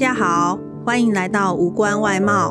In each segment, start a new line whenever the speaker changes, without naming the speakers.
大家好，歡迎來到無關外貌。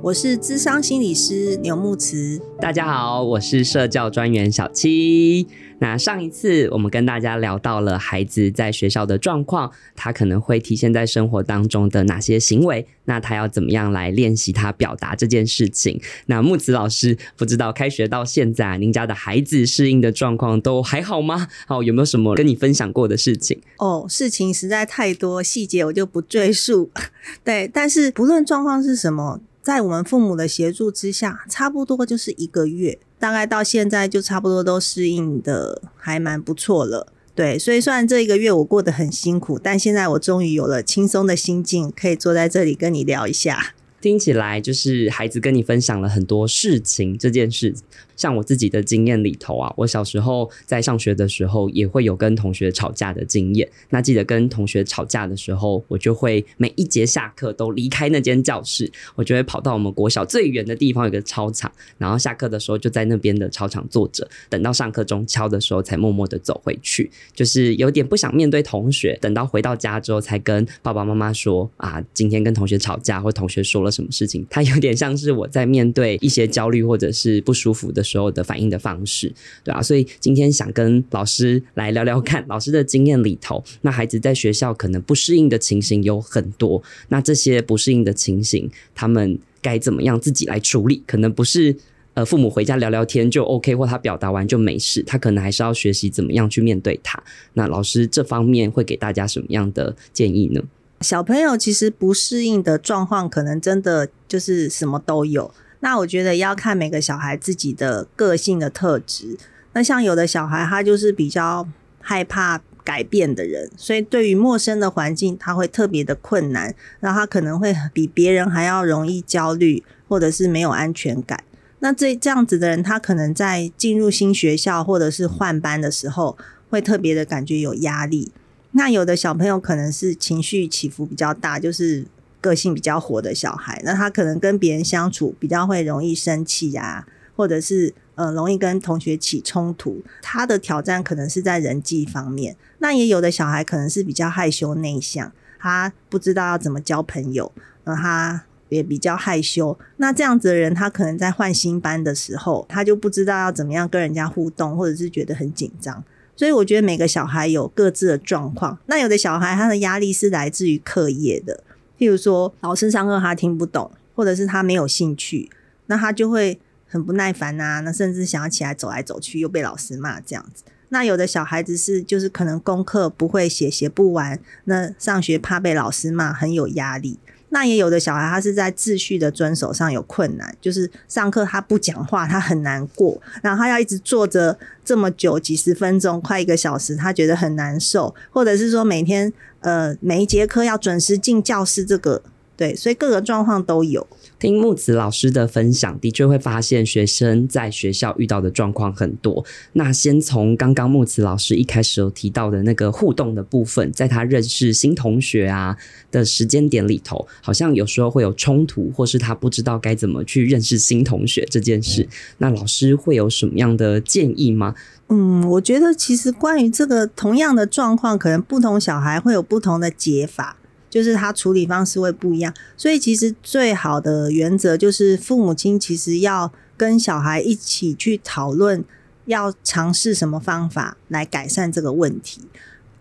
我是諮商心理師牛慕慈，
大家好，我是社教專員小七。那上一次我們跟大家聊到了孩子在學校的狀況，他可能會體現在生活當中的哪些行為？那他要怎麼樣來練習他表達這件事情？那慕慈老師，不知道開學到現在，您家的孩子適應的狀況都還好嗎？哦，有沒有什麼跟你分享過的事情？
哦，事情實在太多，細節我就不贅述。 對，但是不論狀況是什麼。在我們父母的協助之下，差不多就是一個月，大概到現在就差不多都適應的還蠻不錯了。對，所以雖然這一個月我過得很辛苦，但現在我終於有了輕鬆的心境，可以坐在這裡跟你聊一下。聽起來就是
孩子跟你分享了很多事情這件事，像我自己的經驗裡頭啊，我小時候在上學的時候也會有跟同學吵架的經驗。那記得跟同學吵架的時候，我就會每一節下課都離開那間教室，我就會跑到我們國小最遠的地方有個操場，然後下課的時候就在那邊的操場坐着，等到上課鐘敲的時候才默默的走回去，就是有點不想面對同學。等到回到家之後，才跟爸爸媽媽說啊，今天跟同學吵架，或同學說了。什麼事情？他有點像是我在面對一些焦慮或者是不舒服的時候的反應的方式，對啊，所以今天想跟老師來聊聊看，老師的經驗裡頭，那孩子在學校可能不適應的情形有很多。那這些不適應的情形，他們該怎麼樣自己來處理？可能不是呃，父母回家聊聊天就 OK，或他表達完就沒事，他可能還是要學習怎麼樣去面對他。那老師這方面會給大家什麼樣的建議呢？
小朋友其實不適應的狀況，可能真的就是什麼都有。那我覺得要看每個小孩自己的個性的特質。那像有的小孩，他就是比較害怕改變的人，所以對於陌生的環境，他會特別的困難。然後，他可能會比別人還要容易焦慮，或者是沒有安全感。那這這樣子的人，他可能在進入新學校或者是換班的時候，會特別的感覺有壓力。那有的小朋友可能是情緒起伏比較大，就是個性比較活的小孩，那他可能跟別人相處比較會容易生氣呀，或者是呃容易跟同學起衝突。他的挑戰可能是在人際方面。那也有的小孩可能是比較害羞內向，他不知道要怎麼交朋友，嗯，他也比較害羞。那這樣子的人，他可能在換新班的時候，他就不知道要怎麼樣跟人家互動，或者是覺得很緊張。所以我覺得每個小孩有各自的狀況。那有的小孩他的壓力是來自於課業的，譬如說老師上課他聽不懂，或者是他沒有興趣，那他就會很不耐煩啊，那甚至想要起來走來走去，又被老師罵這樣子。那有的小孩子是就是可能功課不會寫，寫不完，那上學怕被老師罵，很有壓力。那也有的小孩，他是在秩序的遵守上有困難，就是上課他不講話，他很難過，然後他要一直坐着這麼久，幾十分鐘，快一個小時，他覺得很難受，或者是說每天呃每一節課要準時進教室這個。對，所以各個狀況都有。聽慕慈老
師的分享，的確會發現學生在學校遇到的狀況很多。那先從剛剛慕慈老師一開始有提到的那個互動的部分，在他認識新同學啊的時間點裡頭，好像有時候會有衝突，或是他不知道該怎麼去認識新同學這件事。那老師會有什麼樣的建議嗎？
嗯，我覺得其實關於這個同樣的狀況，可能不同小孩會有不同的解法。就是他處理方式會不一樣，所以其實最好的原則就是父母親其實要跟小孩一起去討論，要嘗試什麼方法來改善這個問題。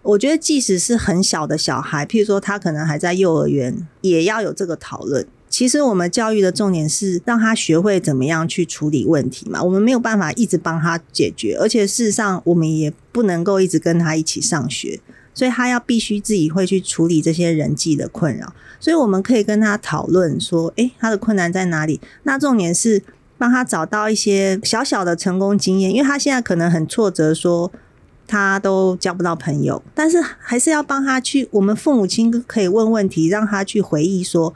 我覺得即使是很小的小孩，譬如說他可能還在幼兒園，也要有這個討論。其實我們教育的重點是讓他學會怎麼樣去處理問題嘛。我們沒有辦法一直幫他解決，而且事實上我們也不能夠一直跟他一起上學。所以他要必須自己會去處理這些人際的困擾，所以我們可以跟他討論說，誒、欸，他的困難在哪裡？那重點是幫他找到一些小小的成功經驗，因為他現在可能很挫折，說他都交不到朋友，但是還是要幫他去。我們父母親可以問問題，讓他去回憶說，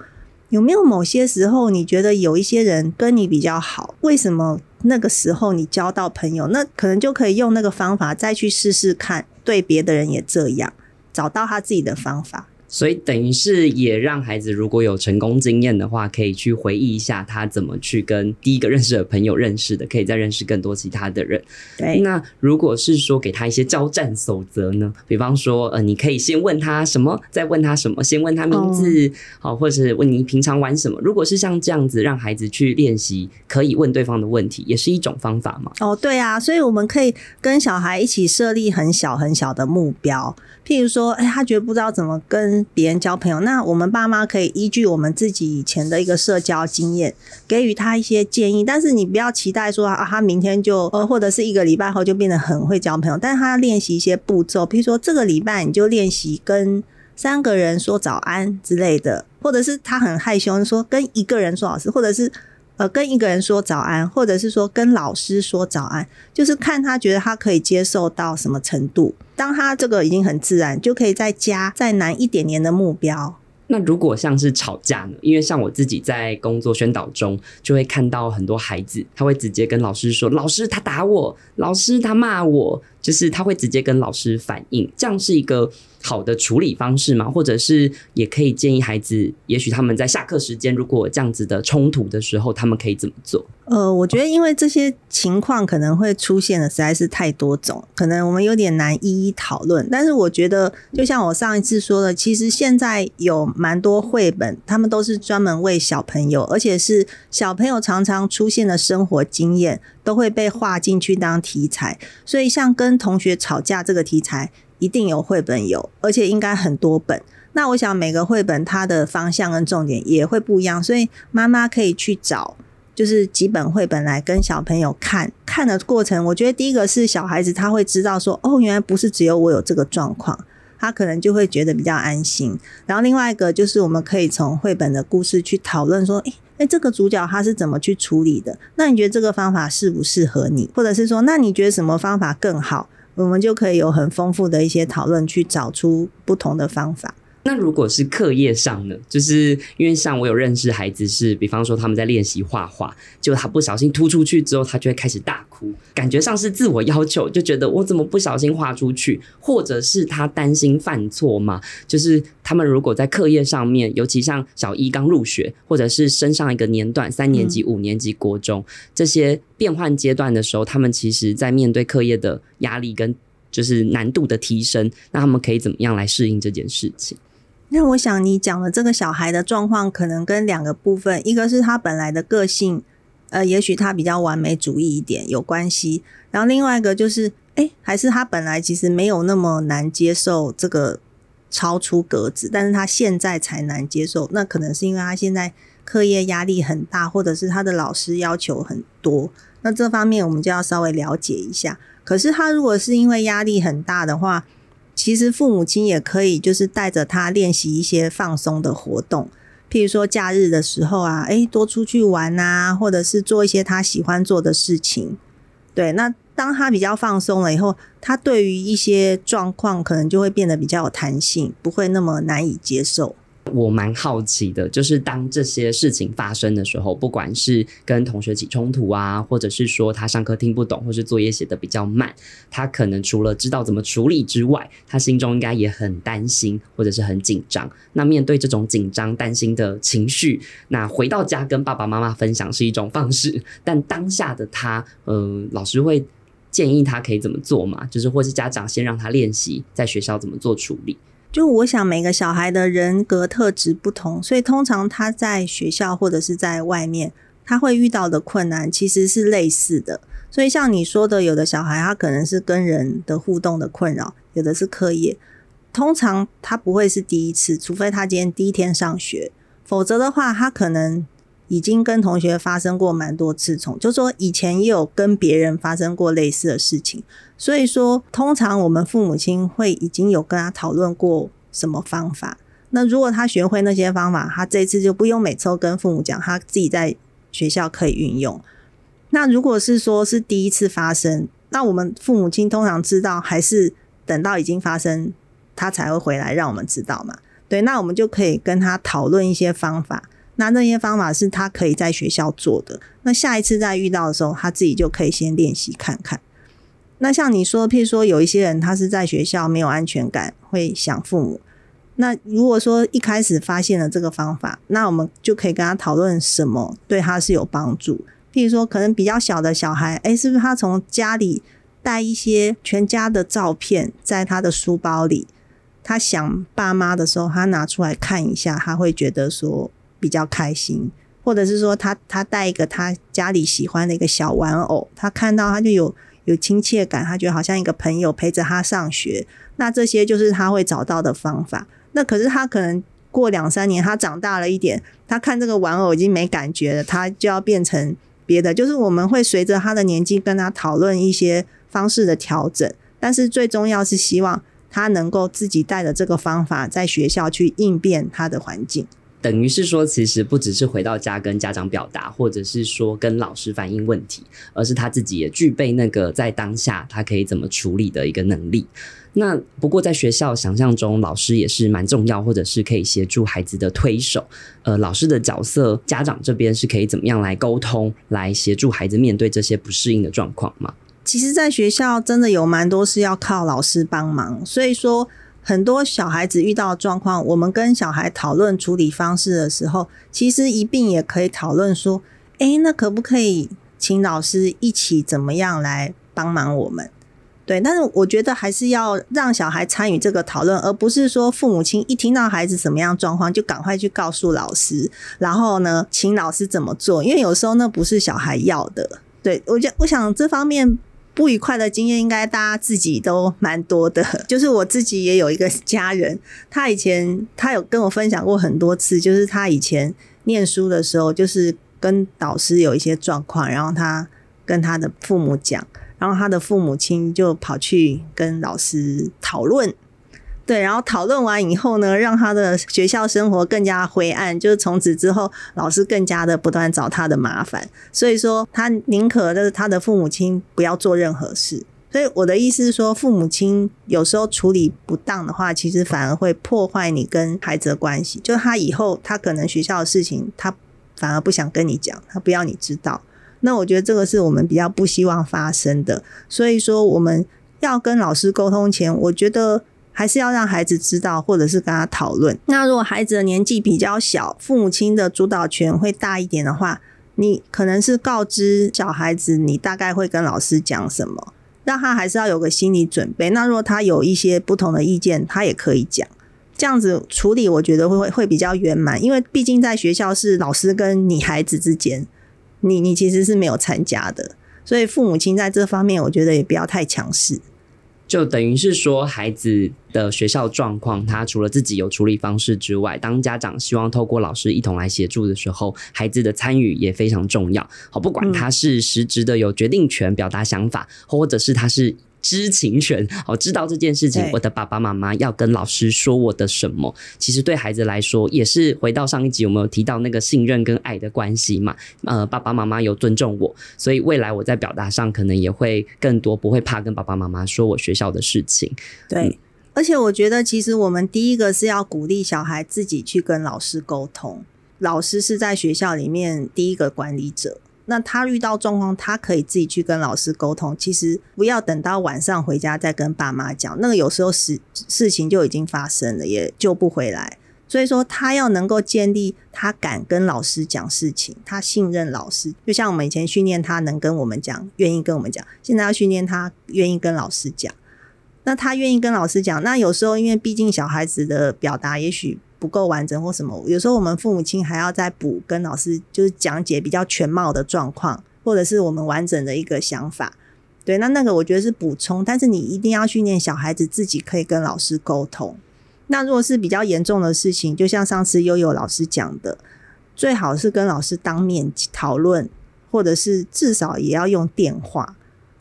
有沒有某些時候你覺得有一些人跟你比較好？為什麼那個時候你交到朋友？那可能就可以用那個方法再去試試看。對別的人也這樣，找到他自己的方法。
所以等於是也讓孩子，如果有成功經驗的話，可以去回憶一下他怎麼去跟第一個認識的朋友認識的，可以再認識更多其他的人。對。那如果是說給他一些交戰守則呢？比方說，呃，你可以先問他什麼，再問他什麼，先問他名字，好、哦，或者是問你平常玩什麼。如果是像這樣子，讓孩子去練習可以問對方的問題，也是一種方法嘛。
哦，對啊，所以我們可以跟小孩一起設立很小很小的目標，譬如說，哎、欸，他覺得不知道怎麼跟。別人交朋友，那我們爸媽可以依據我們自己以前的一個社交經驗，給予他一些建議。但是你不要期待說啊，他明天就呃，或者是一個禮拜後就變得很會交朋友。但是他練習一些步驟，比如說這個禮拜你就練習跟三個人說早安之類的，或者是他很害羞，說跟一個人說老師，或者是。呃，跟一個人說早安，或者是說跟老師說早安，就是看他覺得他可以接受到什麼程度。當他這個已經很自然，就可以再加再難一點點的目標。
那如果像是吵架呢？因為像我自己在工作宣導中，就會看到很多孩子，他會直接跟老師說：“老師，他打我，老師他罵我。”就是他會直接跟老師反映，這樣是一個。好的處理方式嘛，或者是也可以建議孩子，也許他們在下課時間，如果這樣子的衝突的時候，他們可以怎麼做？
呃，我覺得因為這些情況可能會出現的實在是太多種，嗯、可能我們有點難一一討論。但是我覺得，就像我上一次說的，其實現在有蠻多繪本，他們都是專門為小朋友，而且是小朋友常常出現的生活經驗都會被畫進去當題材。所以像跟同學吵架這個題材。一定有繪本有，而且應該很多本。那我想每個繪本它的方向跟重點也會不一樣，所以媽媽可以去找，就是幾本繪本來跟小朋友看看的過程。我覺得第一個是小孩子他會知道說，哦，原來不是只有我有這個狀況，他可能就會覺得比較安心。然後另外一個就是我們可以從繪本的故事去討論說，誒，誒，這個主角他是怎麼去處理的？那你覺得這個方法適不適合你？或者是說，那你覺得什麼方法更好？我們就可以有很豐富的一些討論，去找出不同的方法。那
如果是課業上呢？就是因為像我有認識孩子是，是比方說他們在練習畫畫，就他不小心突出去之後，他就會開始大哭，感覺上是自我要求，就覺得我怎麼不小心畫出去，或者是他擔心犯錯嘛？就是他們如果在課業上面，尤其像小一剛入學，或者是升上一個年段，三年級、五年級、國中、嗯、這些變換階段的時候，他們其實在面對課業的壓力跟就是難度的提升，那他們可以怎麼樣來適應這件事情？
那我想你講的這個小孩的狀況，可能跟兩個部分，一個是他本來的個性，呃，也許他比較完美主義一點有關係。然後另外一個就是，哎，還是他本來其實沒有那麼難接受這個超出格子，但是他現在才難接受，那可能是因為他現在課業壓力很大，或者是他的老師要求很多。那這方面我們就要稍微了解一下。可是他如果是因為壓力很大的話，其實父母親也可以，就是帶着他練習一些放鬆的活動，譬如說假日的時候啊，誒，多出去玩啊，或者是做一些他喜歡做的事情。對，那當他比較放鬆了以後，他對於一些狀況可能就會變得比較有彈性，不會那麼難以接受。我蠻好奇的，就是當這些事情發生的時候，不管是
跟同學起衝突啊，或者是說他上課聽不懂，或是作業寫得比較慢，他可能除了知道怎麼處理之外，他心中應該也很擔心或者是很緊張。那面對這種緊張、擔心的情緒，那回到家跟爸爸媽媽分享是一種方式，但當下的他，嗯、呃，老師會建議他可以怎麼做嘛？就是或是家長先讓他練習在學校怎麼做處理。
就我想，每個小孩的人格特質不同，所以通常他在學校或者是在外面，他會遇到的困難其實是類似的。所以像你說的，有的小孩他可能是跟人的互動的困擾，有的是課業。通常他不會是第一次，除非他今天第一天上學，否則的話他可能。已經跟同學發生過蠻多次從，就說以前也有跟別人發生過類似的事情，所以說通常我們父母親會已經有跟他討論過什麼方法。那如果他學會那些方法，他這次就不用每次都跟父母講，他自己在學校可以運用。那如果是說是第一次發生，那我們父母親通常知道還是等到已經發生他才會回來讓我們知道嘛？對，那我們就可以跟他討論一些方法。那這些方法是他可以在學校做的。那下一次再遇到的時候，他自己就可以先練習看看。那像你說，譬如說有一些人，他是在學校沒有安全感，會想父母。那如果說一開始發現了這個方法，那我們就可以跟他討論什麼對他是有幫助。譬如說，可能比較小的小孩，誒，是不是他從家裡帶一些全家的照片在他的書包裡？他想爸媽的時候，他拿出來看一下，他會覺得說，比較開心，或者是說他他帶一個他家裡喜歡的一個小玩偶，他看到他就有有親切感，他覺得好像一個朋友陪着他上學。那這些就是他會找到的方法。那可是他可能過兩三年，他長大了一點，他看這個玩偶已經沒感覺了，他就要變成別的。就是我們會隨着他的年紀跟他討論一些方式的調整，但是最重要是希望他能夠自己帶着這個方法在學校去應變他的環境。
等於是說，其實不只是回到家跟家長表達，或者是說跟老師反映問題，而是他自己也具備那個在當下他可以怎麼處理的一個能力。那不過在學校想象中，老師也是蠻重要，或者是可以協助孩子的推手。呃，老師的角色，家長這邊是可以怎麼樣來溝通，來協助孩子面對這些不適應的狀況嘛？
其實，在學校真的有蠻多事要靠老師幫忙，所以說。很多小孩子遇到狀況，我們跟小孩討論處理方式的時候，其實一併也可以討論說：誒、欸，那可不可以請老師一起怎麼樣來幫忙我們？對，但是我覺得還是要讓小孩參與這個討論，而不是說父母親一聽到孩子什麼樣狀況就趕快去告訴老師，然後呢，請老師怎麼做？因為有時候那不是小孩要的。對，我就我想這方面。不愉快的經驗，應該大家自己都蠻多的。就是我自己也有一個家人，他以前他有跟我分享過很多次，就是他以前念書的時候，就是跟導師有一些狀況，然後他跟他的父母講，然後他的父母親就跑去跟老師討論。對，然後討論完以後呢，讓他的學校生活更加灰暗。就是從此之後，老師更加的不斷找他的麻煩。所以說，他寧可就是他的父母親不要做任何事。所以我的意思是說，父母親有時候處理不當的話，其實反而會破壞你跟孩子的關係。就是他以後他可能學校的事情，他反而不想跟你講，他不要你知道。那我覺得這個是我們比較不希望發生的。所以說，我們要跟老師溝通前，我覺得。還是要讓孩子知道，或者是跟他討論。那如果孩子的年紀比較小，父母親的主導權會大一點的話，你可能是告知小孩子，你大概會跟老師講什麼，讓他還是要有個心理準備。那如果他有一些不同的意見，他也可以講，這樣子處理，我覺得會會會比較圓滿。因為畢竟在學校是老師跟你孩子之間，你你其實是沒有參加的，所以父母親在這方面，我覺得也不要太強勢。
就等於是說，孩子的學校狀況，他除了自己有處理方式之外，當家長希望透過老師一同來協助的時候，孩子的參與也非常重要。好，不管他是實質的有決定權，表達想法，或者是他是，知情權，好、哦、知道這件事情，對我的爸爸媽媽要跟老師說我的什麼？其實對孩子來說，也是回到上一集我們有提到那個信任跟愛的關係嘛。呃，爸爸媽媽有尊重我，所以未來我在表達上可能也會更多，不會怕跟爸爸媽媽說我學校的事情。對，嗯、
而且我覺得其實我們第一個是要鼓勵小孩自己去跟老師溝通，老師是在學校裡面第一個管理者。那他遇到狀況，他可以自己去跟老師溝通。其實不要等到晚上回家再跟爸媽講，那個有時候事事情就已經發生了，也救不回來。所以說，他要能夠建立他敢跟老師講事情，他信任老師。就像我們以前訓練他能跟我們講，願意跟我們講，現在要訓練他願意跟老師講。那他願意跟老師講，那有時候因為畢竟小孩子的表達也許。不夠完整或什麼，有時候我們父母親還要再補跟老師，就是講解比較全貌的狀況，或者是我們完整的一個想法。對，那那個我覺得是補充，但是你一定要訓練小孩子自己可以跟老師溝通。那如果是比較嚴重的事情，就像上次悠悠老師講的，最好是跟老師當面討論，或者是至少也要用電話，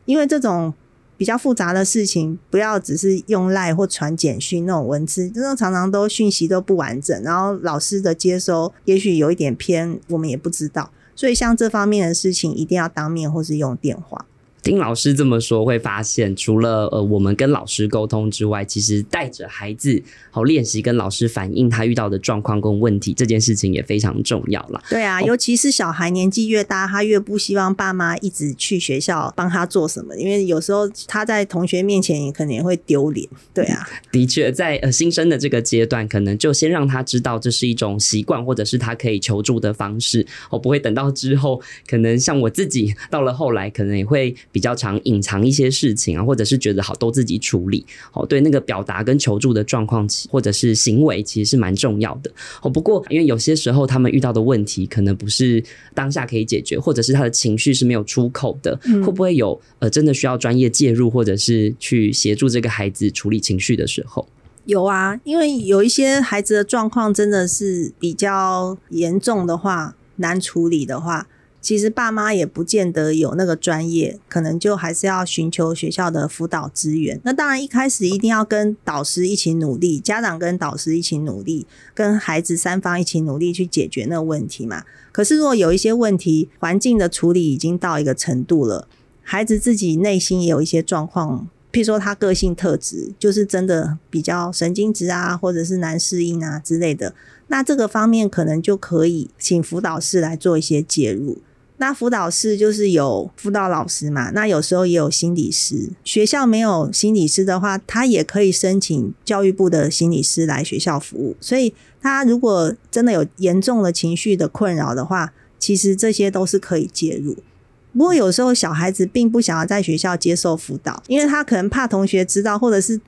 因為這種。比較複雜的事情，不要只是用賴或傳簡訊那種文字，這種常常都訊息都不完整，然後老師的接收也許有一點偏，我們也不知道，所以像這方面的事情，一定要當面或是用電話。
聽老師這麼說，會發現除了呃，我們跟老師溝通之外，其實
帶着孩
子好練習跟老師反映他遇到的狀況跟問題，這件事情也非常重要啦。
對啊，尤其是小孩年紀越大，他越不希望爸媽一直去學校幫他做什麼，因為有時候他在同學面前也可能也會丟臉。對啊，
的確，在呃新生的這個階段，可能就先讓他知道這是一種習慣，或者是他可以求助的方式，哦，不會等到之後，可能像我自己到了後來，可能也會。比較常隱藏一些事情啊，或者是覺得好都自己處理哦。對那個表達跟求助的狀況，或者是行為，其實是蠻重要的哦。不過，因為有些時候他們遇到的問題，可能不是當下可以解決，或者是他的情緒是沒有出口的。嗯。會不會有呃，真的需要專業介入，或者是去協助這個孩子處理情緒的時候？
有啊，因為有一些孩子的狀況真的是比較嚴重的話，難處理的話。其實爸媽也不見得有那個專業，可能就還是要尋求學校的輔導資源。那當然一開始一定要跟導師一起努力，家長跟導師一起努力，跟孩子三方一起努力去解決那個問題嘛。可是如果有一些問題，環境的處理已經到一個程度了，孩子自己內心也有一些狀況，譬如說他個性特質就是真的比較神經質啊，或者是難適應啊之類的，那這個方面可能就可以請輔導師來做一些介入。那輔導室就是有輔導老師嘛，那有時候也有心理師。學校沒有心理師的話，他也可以申請教育部的心理師來學校服務。所以，他如果真的有嚴重的情緒的困擾的話，其實這些都是可以介入。不過，有時候小孩子並不想要在學校接受輔導，因為他可能怕同學知道，或者是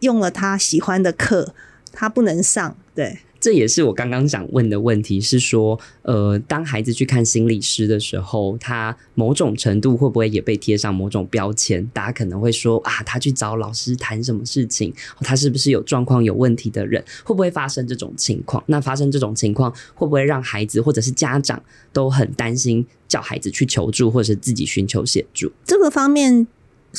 用了他喜歡的課，他不能上。對。
這也是我剛剛想問的問題，是說，呃，當孩子去看心理師的時候，他某種程度會不會也被貼上某種標籤？大家可能會說啊，他去找老師談什麼事情，他是不是有狀況、有問題的人？會不會發生這種情況？那發生這種情況，會不會讓孩子或者是家長都很擔心，叫孩子去求助，或者是自己尋求協助？
這個方面。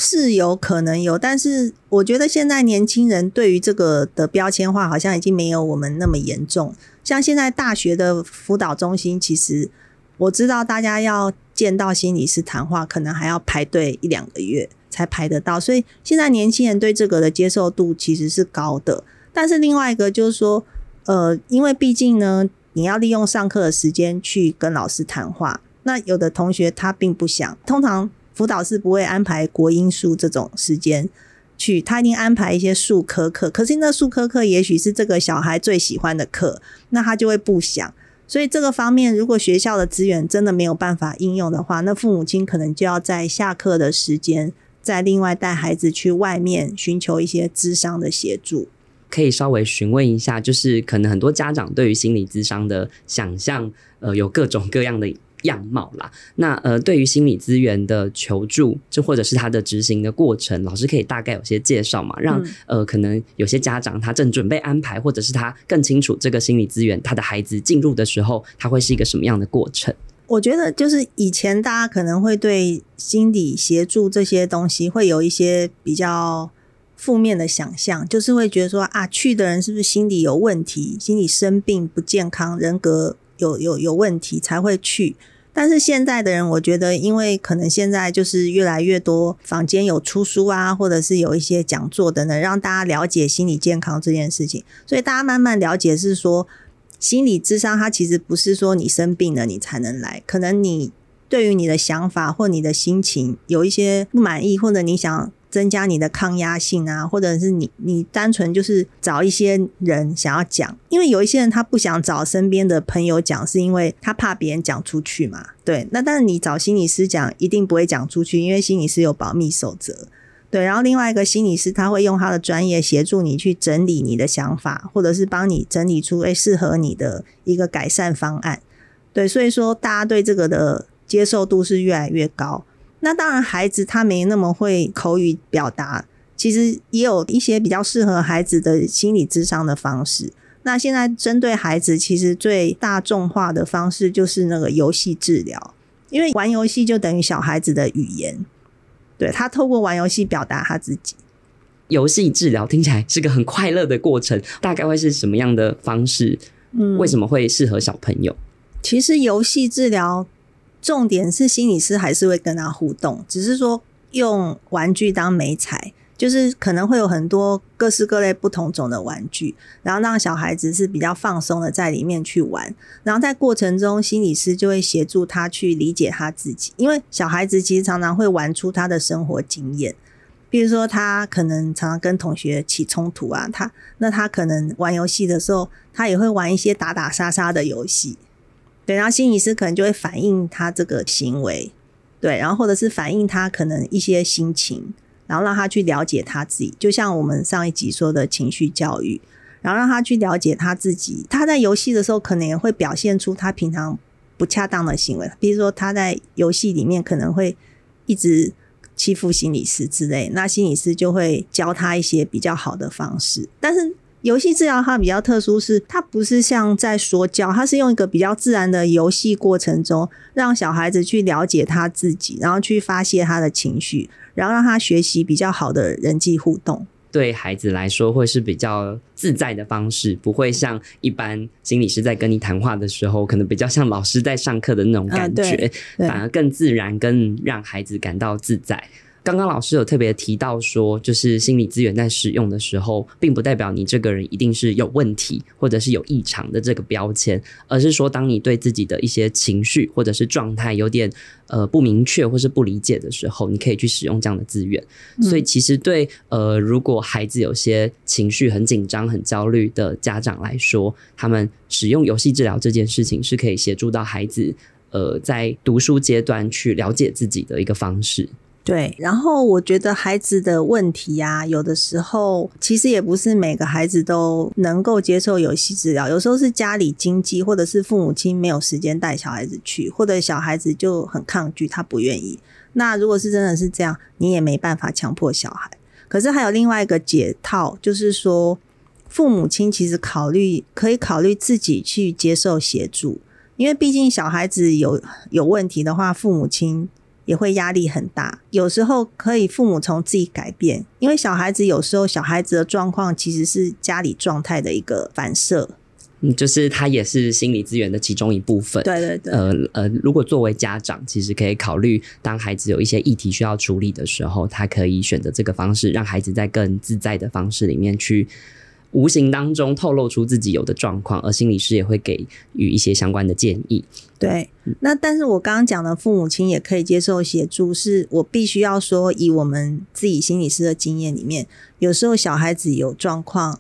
是有可能有，但是我覺得現在年輕人對於這個的標籤化好像已經沒有我們那麼嚴重。像現在大學的輔導中心，其實我知道大家要見到心理師談話，可能還要排隊一兩個月才排得到。所以現在年輕人對這個的接受度其實是高的。但是另外一個就是說，呃，因為畢竟呢，你要利用上課的時間去跟老師談話，那有的同學他並不想，通常。輔導是不會安排國英數這種時間去，他一定安排一些術科課。可是那術科課也許是這個小孩最喜歡的課，那他就會不想。所以這個方面，如果學校的資源真的沒有辦法應用的話，那父母親可能就要在下課的時間再另外帶孩子去外面尋求一些諮商的協助。
可以稍微詢問一下，就是可能很多家長對於心理諮商的想象，呃，有各種各樣的。樣貌啦，那呃，對於心理資源的求助，就或者是他的執行的過程，老師可以大概有些介紹嘛，讓呃，可能有些家長他正準備安排，或者是他更清楚這個心理資源，他的孩子進入的時候，他會是一個什麼樣的過程？
我覺得就是以前大家可能會對心理協助這些東西會有一些比較負面的想象，就是會覺得說啊，去的人是不是心理有問題，心理生病不健康，人格。有有有問題才會去，但是現在的人，我覺得因為可能現在就是越來越多坊間有出書啊，或者是有一些講座等等，讓大家了解心理健康這件事情，所以大家慢慢了解是說，心理諮商它其實不是說你生病了你才能來，可能你對於你的想法或你的心情有一些不滿意，或者你想。增加你的抗壓性啊，或者是你你單純就是找一些人想要講，因為有一些人他不想找身邊的朋友講，是因為他怕別人講出去嘛。對，那但是你找心理師講，一定不會講出去，因為心理師有保密守則。對，然後另外一個心理師他會用他的專業協助你去整理你的想法，或者是幫你整理出誒適合你的一個改善方案。對，所以說大家對這個的接受度是越來越高。那當然，孩子他沒那麼會口語表達，其實也有一些比較適合孩子的心理諮商的方式。那現在針對孩子，其實最大眾化的方式就是那個遊戲治療，因為玩遊戲就等於小孩子的語言，對，他透過玩遊戲表達他自己。
遊戲治療聽起來是個很快樂的過程，大概會是什麼樣的方式？
嗯，為什麼會
適合小朋友？
其實遊戲治療。重點是心理師還是會跟他互動，只是說用玩具當媒材，就是可能會有很多各式各類不同種的玩具，然後讓小孩子是比較放鬆的在裡面去玩，然後在過程中，心理師就會協助他去理解他自己，因為小孩子其實常常會玩出他的生活經驗，比如說他可能常常跟同學起衝突啊，他那他可能玩遊戲的時候，他也會玩一些打打殺殺的遊戲。對，然後心理師可能就會反映他這個行為，對，然後或者是反映他可能一些心情，然後讓他去了解他自己。就像我們上一集說的情緒教育，然後讓他去了解他自己。他在遊戲的時候，可能也會表現出他平常不恰當的行為，比如說他在遊戲裡面可能會一直欺負心理師之類，那心理師就會教他一些比較好的方式，但是。遊戲治療它比較特殊，是它不是像在說教，它是用一個比較自然的遊戲過程中，讓小孩子去了解他自己，然後去發洩他的情緒，然後讓他學習比較好的人際互動。
對孩子來說，會是比較自在的方式，不會像一般心理師在跟你談話的時候，可能比較像老師在上課的那種感覺，嗯、反而更自然，更讓孩子感到自在。剛剛老師有特別提到說，就是心理資源在使用的時候，並不代表你這個人一定是有問題或者是有異常的這個標籤，而是說，當你對自己的一些情緒或者是狀態有點呃不明確或是不理解的時候，你可以去使用這樣的資源。所以，其實對呃如果孩子有些情緒很緊張、很焦慮的家長來說，他們使用遊戲治療這件事情是可以協助到孩子呃在讀書階段去了解自己的一個方式。
對，然後我覺得孩子的問題啊，有的時候其實也不是每個孩子都能夠接受遊戲治療，有時候是家裡經濟，或者是父母親沒有時間帶小孩子去，或者小孩子就很抗拒，他不願意。那如果是真的是這樣，你也沒辦法強迫小孩。可是還有另外一個解套，就是說父母親其實考慮可以考慮自己去接受協助，因為畢竟小孩子有有問題的話，父母親。也會壓力很大，有時候可以父母從自己改變，因為小孩子有時候小孩子的狀況其實是家裡狀態的一個反射，就
是他也是心理資源的其中一部分。對對對，呃呃，如果作為家長，其實可以考慮當孩子有一些議題需要處理的時候，他可以選擇這個方式，讓孩子在更自在的方式裡面去。無形當中透露出自己有的狀況，而心理師也會給予一些相關的建議。
對，那但是我剛剛講的父母親也可以接受協助，是我必須要說，以我們自己心理師的經驗裡面，有時候小孩子有狀況，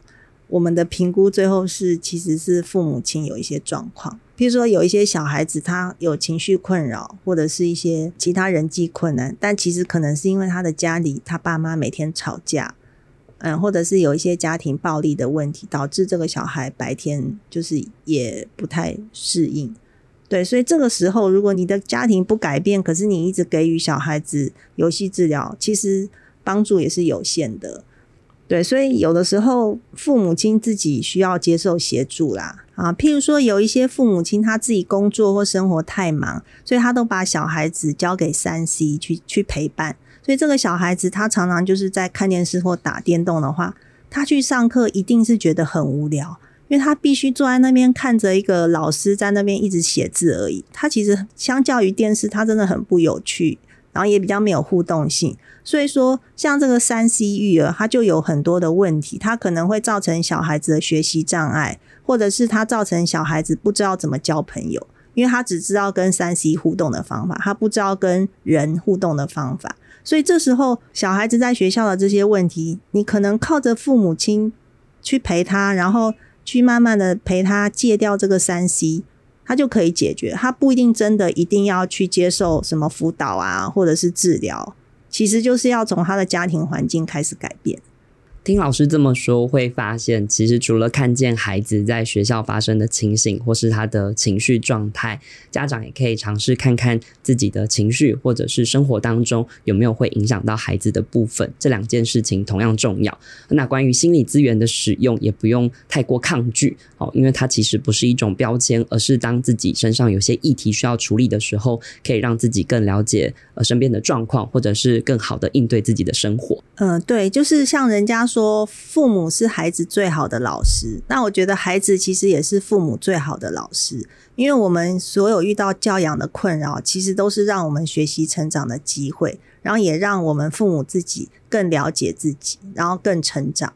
我們的評估最後是其實是父母親有一些狀況，譬如說有一些小孩子他有情緒困擾，或者是一些其他人際困難，但其實可能是因為他的家裡他爸媽每天吵架。嗯，或者是有一些家庭暴力的問題，導致這個小孩白天就是也不太適應。對，所以這個時候，如果你的家庭不改變，可是你一直給予小孩子遊戲治療，其實幫助也是有限的。對，所以有的時候父母親自己需要接受協助啦。啊，譬如說有一些父母親他自己工作或生活太忙，所以他都把小孩子交給三 C 去去陪伴。所以這個小孩子他常常就是在看電視或打電動的話，他去上課一定是覺得很無聊，因為他必須坐在那邊看着一個老師在那邊一直寫字而已。他其實相較於電視，他真的很不有趣，然後也比較沒有互動性。所以說，像這個三 C 育兒，他就有很多的問題，他可能會造成小孩子的學習障礙，或者是他造成小孩子不知道怎麼交朋友，因為他只知道跟三 C 互動的方法，他不知道跟人互動的方法。所以這時候，小孩子在學校的這些問題，你可能靠着父母親去陪他，然後去慢慢的陪他戒掉這個三 C，他就可以解決。他不一定真的一定要去接受什麼輔導啊，或者是治療，其實就是要從他的家庭環境開始改變。
聽老師這麼說，會發現其實除了看見孩子在學校發生的情形，或是他的情緒狀態，家長也可以嘗試看看自己的情緒，或者是生活當中有沒有會影響到孩子的部分。這兩件事情同樣重要。那關於心理資源的使用，也不用太過抗拒哦，因為它其實不是一種標籤，而是當自己身上有些議題需要處理的時候，可以讓自己更了解呃身邊的狀況，或者是更好的應對自己的生活。嗯、
呃，對，就是像人家說。說父母是孩子最好的老師，那我覺得孩子其實也是父母最好的老師，因為我們所有遇到教養的困擾，其實都是讓我們學習成長的機會，然後也讓我們父母自己更了解自己，然後更成長。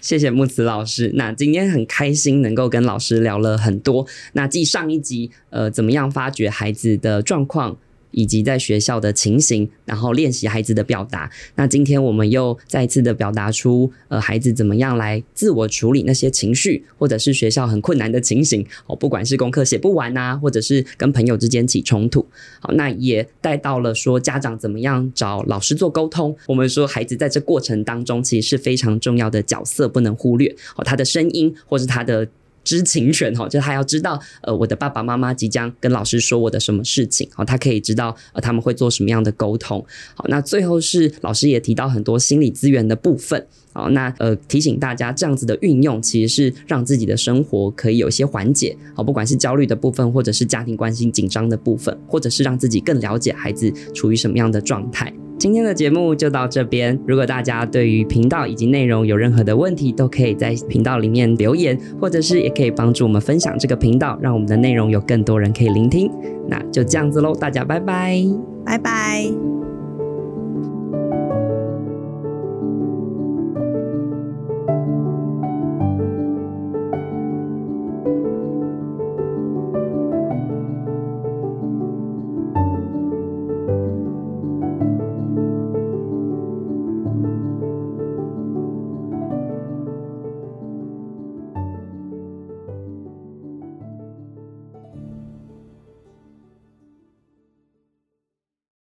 謝謝慕慈老師，那今天很開心能夠跟老師聊了很多。那繼上一集，呃，怎麼樣發掘孩子的狀況？以及在學校的情形，然後練習孩子的表達。那今天我們又再次的表達出，呃，孩子怎麼樣來自我處理那些情緒，或者是學校很困難的情形哦，不管是功課寫不完啊，或者是跟朋友之間起衝突，好，那也帶到了說家長怎麼樣找老師做溝通。我們說孩子在這過程當中其實是非常重要的角色，不能忽略哦，他的聲音，或是他的。知情權哈，就他要知道，呃，我的爸爸媽媽即將跟老師說我的什麼事情，好，他可以知道，呃，他們會做什麼樣的溝通。好，那最後是老師也提到很多心理資源的部分，好，那呃提醒大家這樣子的運用，其實是讓自己的生活可以有一些緩解，好，不管是焦慮的部分，或者是家庭關係緊張的部分，或者是讓自己更了解孩子處於什麼樣的狀態。今天的節目就到這邊。如果大家對於頻道以及內容有任何的問題，都可以在頻道裡面留言，或者是也可以幫助我們分享這個頻道，讓我們的內容有更多人可以聆聽。那就這樣子嘍，大家拜拜，
拜拜。